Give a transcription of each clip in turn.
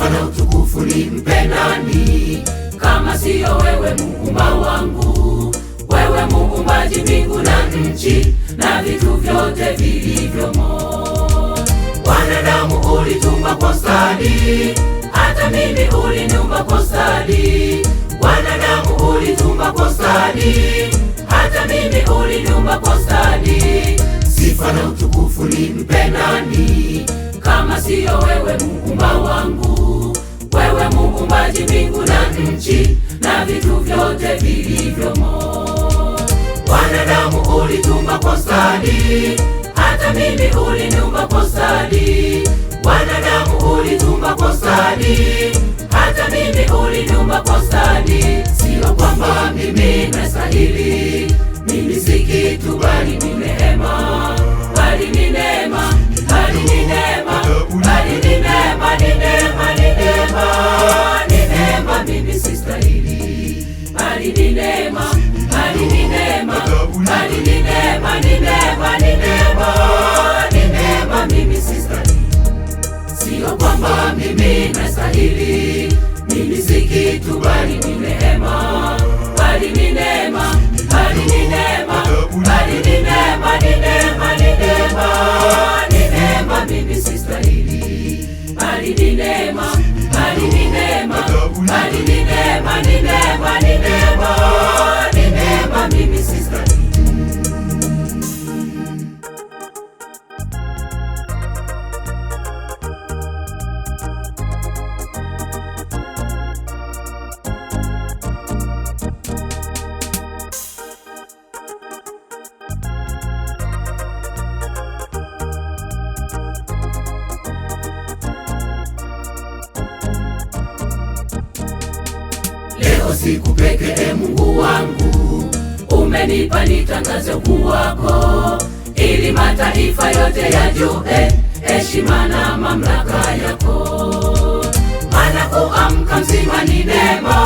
sana na utukufu nimpe nani kama siyo wewe, muumba wangu? Wewe muumbaji mbingu na nchi na vitu vyote vilivyomo. Wanadamu ulitumba kwa stadi, hata mimi uliniumba kwa stadi. Wanadamu ulitumba kwa stadi, hata mimi uliniumba kwa stadi. Aliyeziumba mbingu na nchi na vitu vyote vilivyomo. Wanadamu ulitumba kwa stadi, hata mimi uliniumba kwa stadi. Wanadamu ulitumba kwa stadi, hata mimi uliniumba kwa stadi. Sio kwamba mimi nastahili, mimi si kitu bali ni neema bali ni neema, bali ni neema, bali ni neema, ni neema, ni neema, ni neema. Mimi sistahili, sio kwamba mimi nastahili, mimi si kitu, bali ni neema, bali ni neema, bali ni neema, bali ni neema, ni neema siku pekee, Mungu wangu, umenipa nitangaze ukuu wako, ili mataifa yote yajue heshima na mamlaka yako. Maana kuamka mzima ni neema,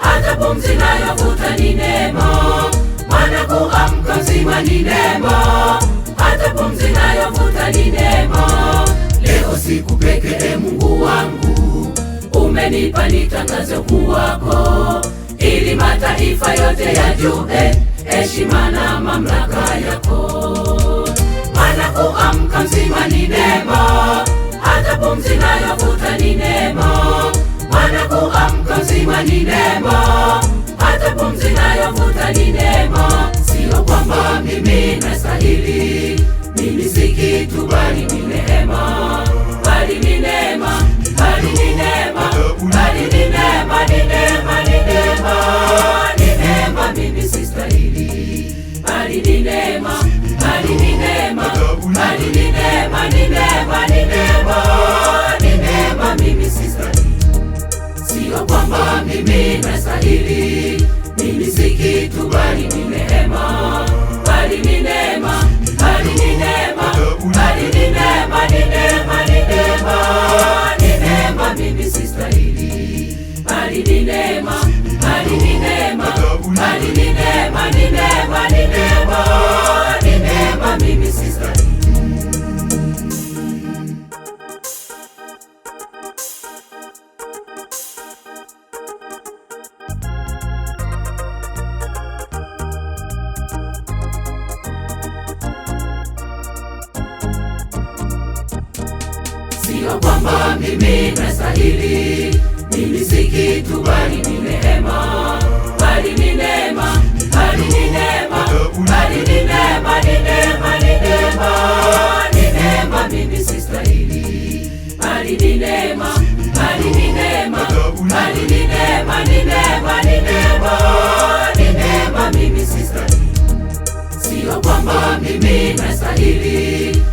hata pumzi nayovuta ni neema. Maana kuamka mzima ni neema Nimelipa ni kuwako, ili mataifa yote yajue heshima na mamlaka yako. Maana kuamka mzima ni neema, hata pumzi nayovuta ni neema. Maana kuamka mzima ni neema, hata pumzi nayovuta ni neema. Sio kwamba mimi nastahili ni neema, bali ni neema, bali ni neema, ni neema, ni neema, ni neema. Mimi sistahili, sio kwamba mimi nastahili, mimi si kitu, bali ni neema, bali ni neema, bali ni neema, bali ni neema, ni neema, ni neema, ni neema. Mimi sistahili, bali ni neema, bali ni neema, bali ni neema, ni neema Najua kwamba mimi nastahili, mimi si kitu bali ni neema, bali ni neema, bali ni neema, bali ni neema, ni neema, ni neema, ni neema, mimi si bali ni neema, bali ni neema, bali ni neema, ni neema, ni neema, ni neema, mimi si sio kwamba mimi nastahili